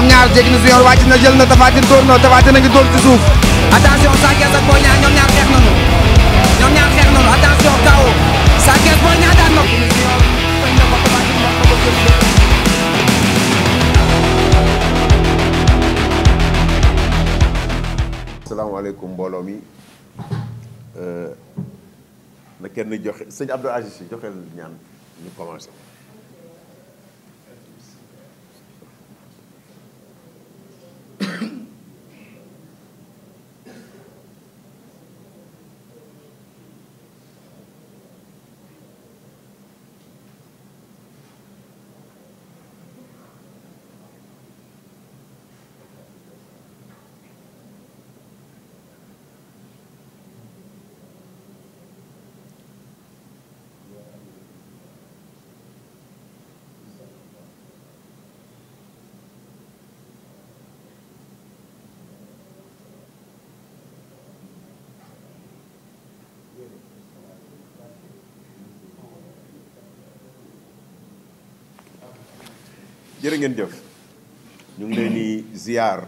ñoom ñaar jéggi na si yoon na jël na Tapha Tine na Tapha a ngi dóor ci suuf attention Sa Thiès ñoom ñaar xeex nañu ñoom ñaar xeex nañu attention kaw Sa Thiès Boy Niang daan na asalaamaaleykum mbooloo mi euh, na kenn joxe sëñ Abdou Aziz joxe ñaan jërë ngeen jëf ñu ngi leen di ziar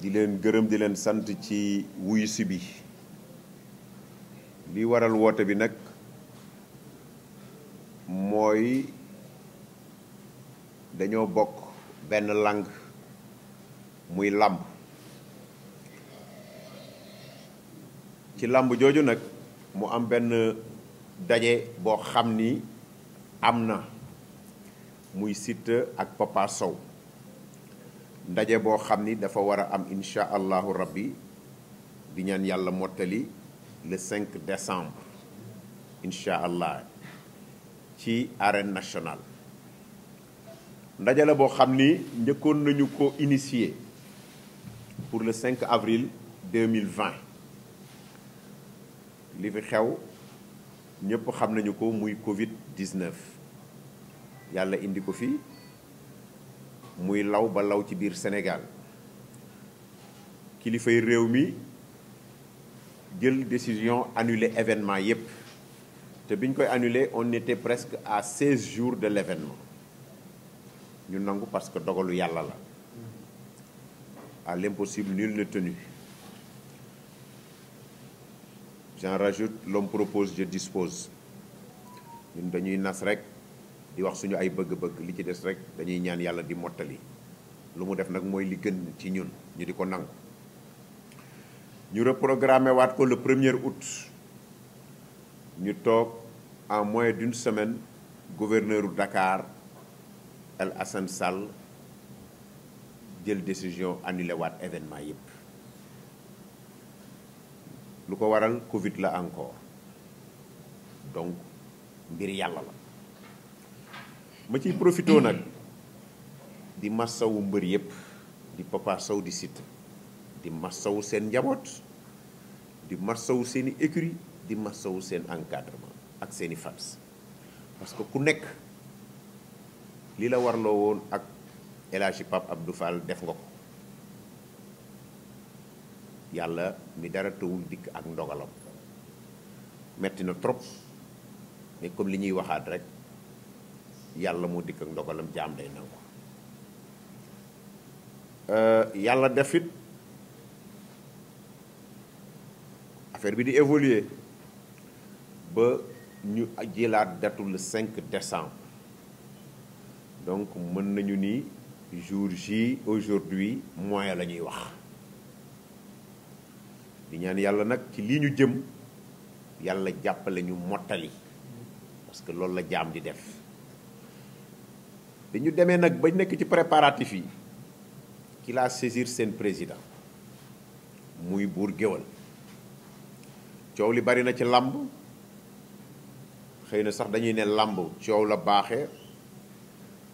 di leen gërëm di leen sant ci wuyu bi li waral woote bi nag mooy dañoo bokk benn langue muy làmb ci làmb jooju nag mu am benn daje boo xam ni am na muy sit ak Papa Sow ndaje boo xam ni dafa war a am incha allahu rabbi di ñaan yàlla mottali le 5 décembre incha allah ci arène nationale ndaje la boo xam ni njëkkoon nañu ko initier pour le 5 avril 2020 li fi xew ñëpp xam nañu ko muy Covid 19. yàlla indi ko fii muy law ba law ci biir Sénégal kilifay réew mi jël décision annuler événement yépp te biñ koy annuler on était presque à seize jours de l'événement ñu nangu parce que dogalu yàlla la à l'impossible nul n'est tenu j'en rajoute l'homme propose je dispose dañuy nas rek di wax suñu ay bëgg-bëgg li ci des rek dañuy ñaan yàlla di mottali lu mu def nag mooy li gën ci ñun ñu di ko nangu. ñu reprogrammé waat ko le premier août ñu toog en moins d'une semaine gouverneur u Dakar El Hassan Sall jël décision annulé waat événement yëpp lu ko waral Covid la encore donc mbir yàlla la. ma ci profité nag di massawu mbër yëpp di Papa Sow di Siteu di massawu seen njaboot di massawu seen i écurie di massawu seen encadrement ak seeni fats parce que ku nekk li la warloo woon ak El Hadji Pape Abdou def nga ko yàlla mi dara tawul dikk ak ndogalam metti na trop mais comme li ñuy waxaat rek yàlla moo dikk ak ndogalam jaam day nangu euh, yàlla defit affaire bi di évoluer ba ñu jëlaat datu le 5 décembre donc mën nañu ni jour J aujourd'hui moyen la ñuy wax di ñaan yàlla nag ci lii ñu jëm yàlla jàppale ñu mottali parce que loolu la jaam di def bi ñu demee nag ba nekk ci préparatif yi ki laa saisir seen président muy buur géwal coow li bari na ci làmb xëy na sax dañuy ne làmb coow la baaxee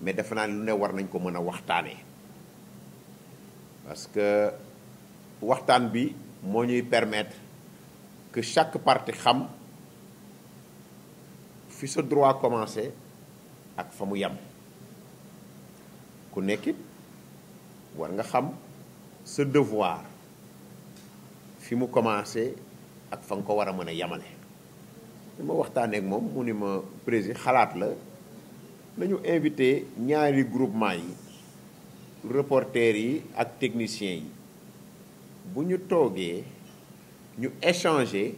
mais defe naa ne lu ne war nañ ko mën a waxtaane parce que waxtaan bi moo ñuy permettre que chaque parti xam fi sa droit commencé ak fa mu yem ku nekkit war nga xam sa devoir fi mu commencé ak fa nga ko war a mën a yamale li ma waxtaaneek moom mu ni ma président xalaat la nañu invité ñaari groupement yi reporters yi ak techniciens yi bu ñu toogee ñu échanger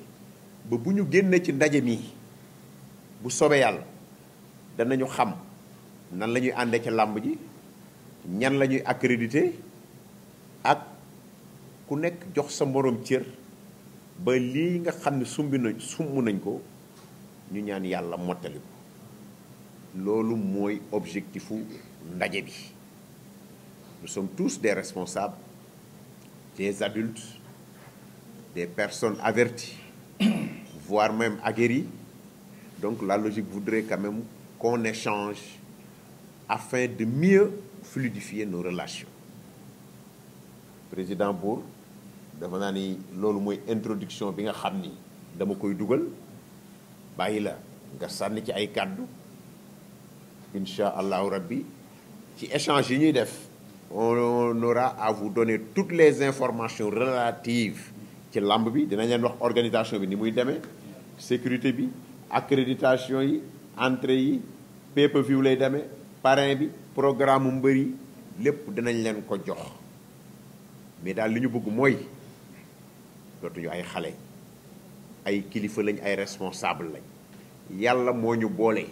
ba bu ñu génnee ci ndaje mi bu sobe yàlla danañu xam nan la ñuy àndee ca làmb ji ñan la ñuy accrédité ak ku nekk jox sa moroom cër ba lii nga xam ne sumbi na sumb nañ ko ñu ñaan yàlla mottali ko loolu mooy objectifu ndaje bi nous sommes tous des responsables des adultes des personnes averties voire même aguerries donc la logique voudrait quand même qu'on échange afin de mieux fluidifier nos relations président Bour dafa naa ni loolu mooy introduction bi nga xam ni dama koy dugal bàyyi la nga sànni ci ay kàddu insha allahu rabbi ci échange yi ñuy def on aura à vous donner toutes les informations relatives ci làmb bi dinañ leen wax organisation bi ni muy demee sécurité bi accréditation yi entrée yi pay-per-view lay demee parrain bi programme mbër yi lépp dinañ leen ko jox mais daal li ñu bugg mooy dootuñu ay xale ay kilifa lañ ay responsable lañ yàlla moo ñu boole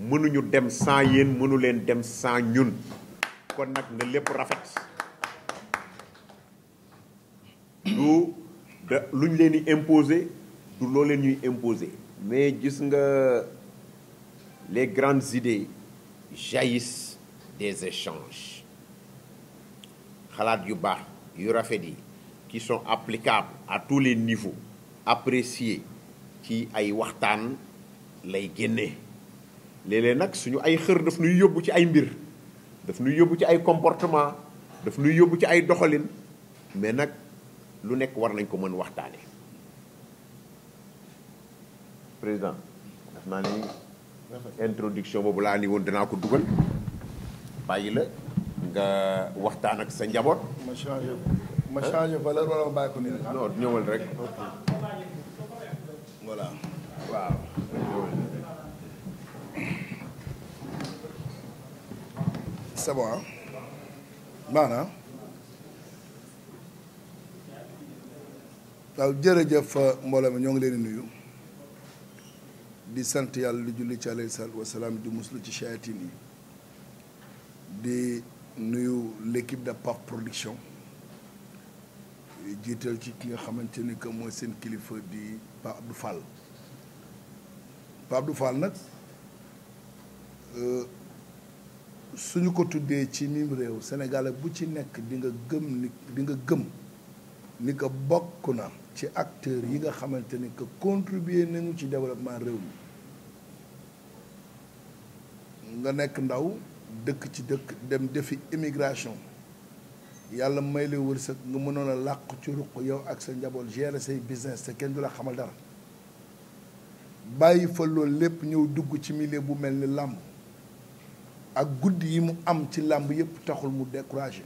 mënuñu dem sans yéen mënuleen dem sans ñun kon nag na lépp rafet lu da luñ leen di imposer du loo leen ñuy imposer mais gis nga les grandes idées jaillissent des échanges xalaat yu baax yu rafet yi qui sont applicables à tous les niveaux appréciés ci ay waxtaan lay génne léeg nag suñu ay xër daf nuy yóbbu ci ay mbir daf nuy yóbbu ci ay comportement daf nuy yóbbu ci ay doxalin mais nag lu nekk war nañ ko mën waxtaane président daf naa ni introduction boobu laa ni woon danaa ko dugal bàyyi la nga waxtaan ak sa njaboot. ma changé ma changé valeur wala ma bàyyi ko nii rek. non ñëwal rek. voilà waaw. c'est bon ah. maanaam. waaw jërëjëf euh, mbooloo mi ñoo ngi leen di nuyu. di sant yàlla lu julli ci alayhi salaatu wasalaam di muslu ci shayatin yi. di nuyu l'équipe de Paf Production jiital ci ki nga xamante ni que mooy seen kilifa di Pape Abdou Fall Pape Abdou Fall nag euh, suñu ko tuddee ci mim réew sénégalais bu ci nekk di nga gëm ni di nga gëm ni ko bokk na ci acteur yi nga xamante ni que contribuer nañu ci développement réew mi nga nekk ndaw dëkk ci dëkk dem defi immigration yàlla may la wërsëg nga mënoon a làq ci ruq yow ak sa njaboot gérer say business te kenn du la xamal dara bàyyi fa loolu lépp ñëw dugg ci millier bu mel ni làmb ak guddi yi mu am ci làmb yépp taxul mu découragé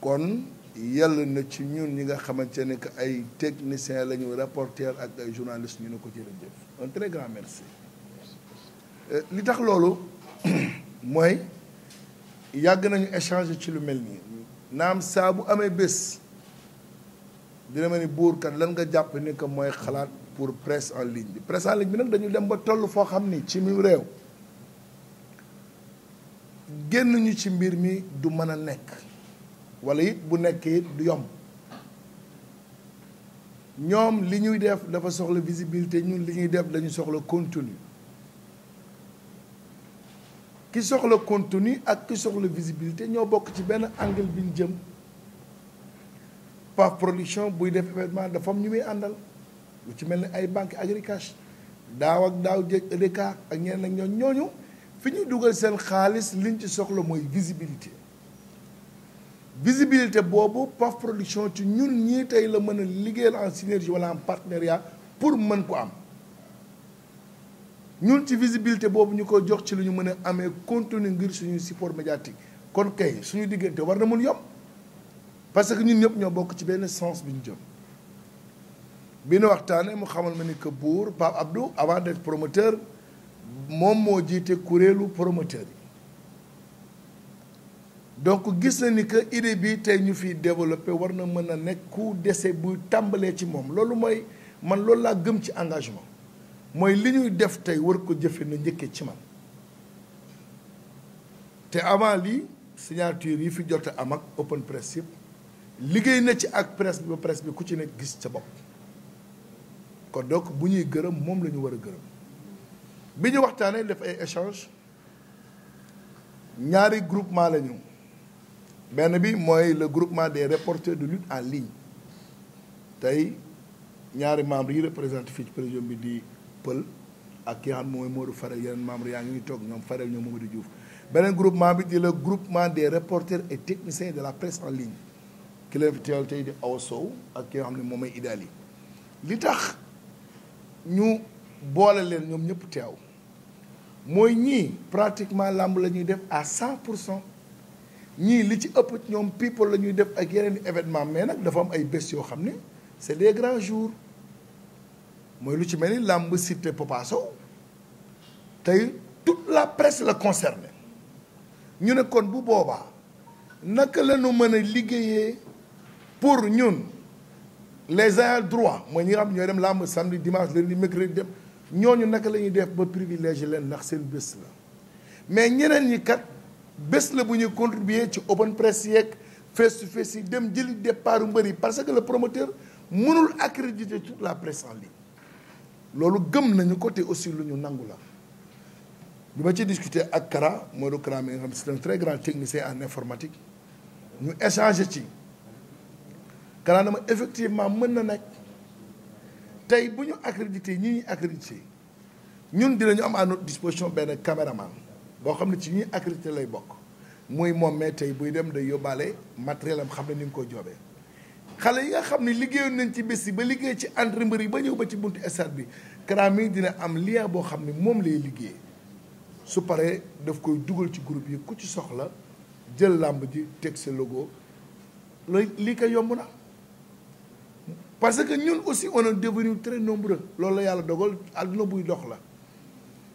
kon yàlla na ci ñun ñi nga xamante ne que ay techniciens la ñu rapporteur ak ay journalistes ñu ne ko jërëjëf un très grand merci euh, li tax loolu mooy yàgg nañu échanger ci lu mel nii naam saa bu amee bés dina ma ni buur kat lan nga jàpp ni que mooy xalaat pour presse en ligne bi presse en ligne bi nag dañu dem ba toll foo xam ni ci mi réew génn ñu ci mbir mi du mën a nekk wala it bu nekkee it du yomb ñoom li ñuy def dafa soxla visibilité ñun li ñuy def dañu soxla contenu ki soxla contenu ak ki soxla visibilité ñoo bokk ci benn angle bi ñu jëm par production buy def événement dafa am ñu muy àndal lu ci mel ni ay banque agricash daaw ak daaw jéeg EDECA ak ñeen ak ñooñu ñooñu fi ñuy dugal seen xaalis liñ ci soxla mooy visibilité visibilité boobu PAF production ci ñun ñii tey la mën a liggéeyal en synergie wala en partenariat pour mën ko am ñun ci visibilité boobu ñu ko jox ci lu ñu mën a amee contenu ngir suñu support médiatique kon kay suñu diggante war na mun yomb parce que ñun ñëpp ñoo bokk ci benn sens bi ñu jëm bi ñu waxtaanee mu xamal ma ni que buur Pape Abdou avant d'être promoteur moom moo jiite kuréelu promoteur yi donc gis na ni que idée bi tey ñu fiy développé war na mën a nekku ku dese buy tàmbalee ci moom loolu mooy man loolu laa gëm ci engagement. mooy li ñuy def tey war ko jëfe na njëkkee ci man te avant lii signature yi fi jot am ak open presse yëpp liggéey na ci ak presse bi ba presse bi ku ci nekk gis sa bopp kon donc bu ñuy gërëm moom la ñu war a gërëm bi ñu waxtaanee def ay échange ñaari groupement la ñu benn bi mooy le groupement des reporters de lutte en ligne tey ñaari membres yi représenté fii ci président bi di pël ak ki nga xam mooy Modou Farel yeneen membre yaa ngi ñuy toog ñoom Farel ñoom Mamadou Diouf beneen groupement bi di le groupement des reporters et techniciens de la presse en ligne ki leen fi teewal tey di Awa Sow ak ki nga xam ne moom mooy Idali li tax ñu boole leen ñoom ñëpp teew mooy ñii pratiquement làmb la ñuy def à cent pour cent ñii li ci ëpp ñoom people la ñuy def ak yeneen événement mais nag dafa am ay bés yoo xam ne c'est des mooy lu ci mel ni làmb cité Papa tey tout la presse la concernée ñu ne bu boobaa naka la ñu mën a liggéeyee pour ñun les ayants droit mooy ñu nga xam ñooy dem làmb samedi dimanche lundi mercredi dem ñooñu naka la ñuy def ba privilège leen ndax seen bés la mais ñeneen ñi kat bés la bu ñu contribuer ci open press yeeg face to face yi dem jëli départ mbër yi parce que le promoteur mënul accréditer toute la presse en ligne. loolu gëm nañu ko aussi lu ñu nangu la bi ma ci discuter ak Kara Modou Kara mi nga xam c'est un très grand technicien en informatique ñu échanger ci Kara na ma effectivement mën na nekk tey bu ñu accrédité ñi ñuy accrédité ñun dinañu am à not disposition benn caméraman boo xam ne ci ñuy accrédité lay bokk muy moom mais tey buy dem day yóbbaale matériel am xam ne ni nga ko joobee xale yi nga xam ne liggéeyoon nañ ci bés yi ba liggéey ci entre mbër yi ba ñëw ba ci buntu stade bi Kara mi dina am lien boo xam ne moom lay liggéey su paree daf koy dugal ci groupe yi ku ci soxla jël làmb ji teg sa logo looy lii ko yomb na parce que ñun aussi on est devenu très loolu la yàlla dogal àdduna buy dox la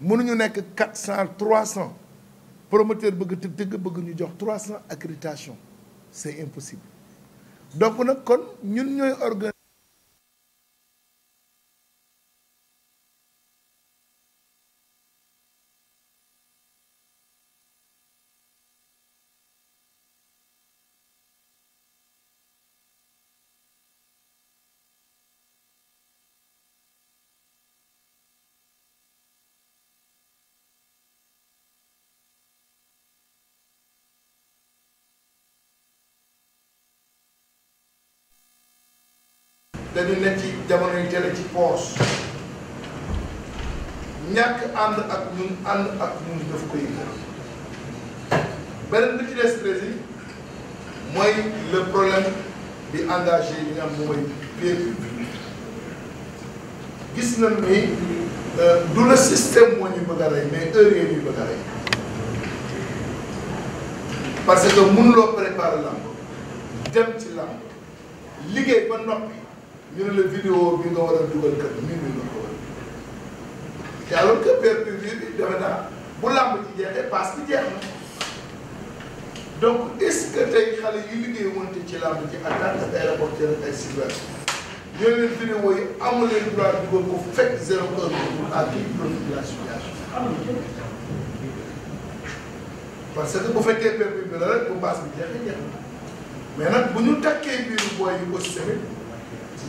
mënuñu nekk quatre cent trois cent promoteur bëgg tëgg bëgg ñu jox trois cent accréditation c'est impossible donc nag kon ñun ñooy organ dañu ne ci jamono yu tele ci poos ñàkk ànd ak ñun ànd ak ñun daf koy yëngal beneen bi ci des président mooy le problème bi engagé yi nga xam moom mooy bien public gis na ni euh, du le système moo ñu bëgg a rey mais heure yii bëgg a rey parce que mënuloo préparer làmb dem ci làmb liggéey ba noppi. ñu ne la vidéo bi nga war a dugal kat minuit nga ko war a dugal te alors que pay-per-view bi defe naa bu làmb ci jeexee paas bi jeex na donc est-ce que tey xale yu liggéey wante ci làmb ci en tant que ay rapporteur ak ay sylvains ñu ne leen vidéo yi amu leen droit dugal ko fekk zéro heure pour à kii profil de la situation parce que bu fekkee pay-per-view bi la rek bu paas bi jeexee jeex na mais nag bu ñu takkee mbiru booy yu aussi tamit.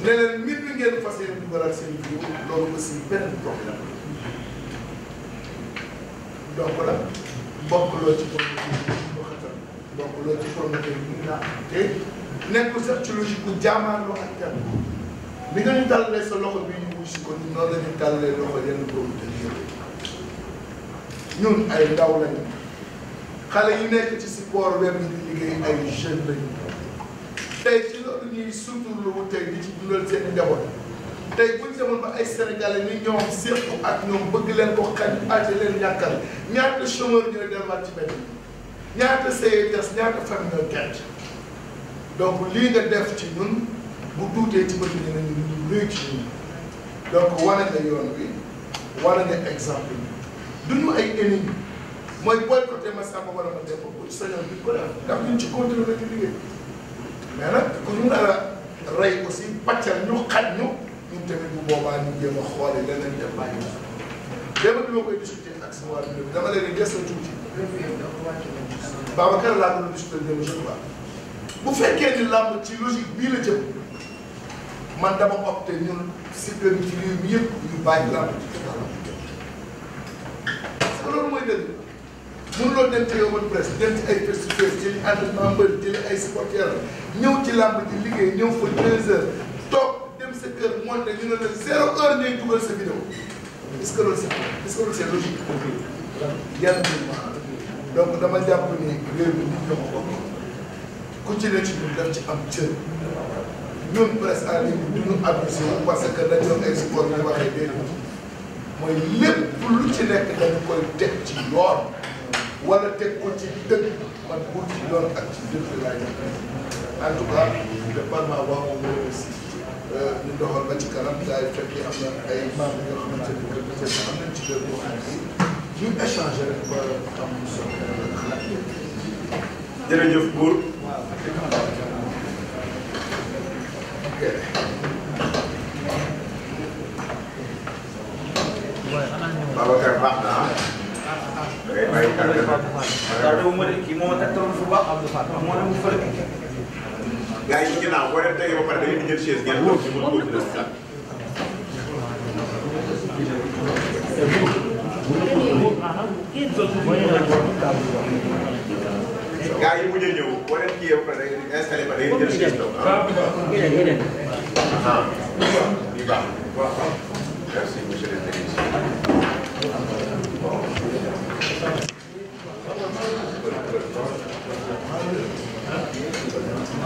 ne leen mbir mi ngeen fas yéene dugalal seen jiw loolu aussi benn problème la donc la bokkuloo ci projet bi mu xatal bokkuloo ci projet bi mu naan te nekkul sax ci logique bu jaamaarloo ak kenn ni nga ñu tàllalee sa loxo bi ñu wuy si ko ñun noonu la ñu tàllalee loxo yenn producteurs yëpp ñun ay ndaw lañu xale yi nekk ci support web yi di liggéey ay jeunes lañu tey. ñuy suturlu tey di ci dundal seen njaboot tey buñ demoon ba ay sénégalais ni ñoom séqu ak ñoom bëgg leen ko xañ aje leen ñàkkal ñaata chômeur ñooy delluwaat ci benn ñaata saye des ñaata famille ñooy gerte donc lii nga def ci ñun bu tuutee ci bëgg dinañu luy ci ñun donc wane nga yoon bi wane nga example bi duñu ay ennemi mooy boycotté ma war a ma def ko sañoon bi ko def ndax duñ ci continuer liggéey mais nag ku ñu nar a rey aussi pàccal ñu xaj ñu ñun tamit bu boobaa ñu jéem a xoole leneen def bàyyi la démb bi ma koy discuter ak sama waa bi dama leen di gëstu tuuti Babacar laa doon discuter démb je crois bu fekkee ni làmb ci logique bii la jëm man dama opté ñun cycle bi ci réew mi yëpp ñu bàyyi làmb ci totalement parce que loolu mooy dëgg mënuloo dem ci open presse dem ci ay face to face jëli entraînement mbër jëli ay supporters ñëw ci làmb ji liggéey ñëw fa deux heures toog dem sa kër monté ñu ne la se heure ngay dugal sa vidéo est-ce que loolu c'est est-ce que loolu c'est logique yan donc dama jàpp ni réew mi nit ñoo ko bokk ku ci ne ci ñun daf ci am cër ñun presse en ligne du ñu abusé parce que dañoo ay support ñu waxee déedéet mooy lépp lu ci nekk dañu koy teg ci yoon wala teg ko ci dëkk man pour ci loolu ak ci dëkk laay def en tout cas le parlement wax moom moo aussi euh, euh, ñu doxal ba ci kanam gars yi fekk am na ay membres yoo xamante ni que peut être am nañ ci dëkk boo xam ne ñu échangé rek ba am solo xalaat yëpp. jërëjëf Bour. ok. Babacar baax na. dara dama mën a kii moom ak toolu Touba Abdou Fall moo ne mu fële. gars yi ci ginnaaw boo leen tegee ba pare da ngeen di jël chaise ngeen toog si mën ko def sax. gars yi bu ñu ñëw boo leen kii ba pare da ngeen di installé ba da ngeen jël chaise toog ah. ah. lii baax merci monsieur le technicien.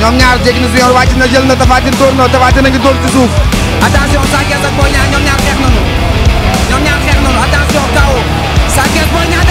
ñoom ñaar jéggi na junior wàcc na jël na tafaatin dóor na tafaatin a ngi dóor ci suuf attention Sa Thiès ñoom ñaar xeex nañu ñoom ñaar xeex nañu attention kaw Sa Thiès Boy Niang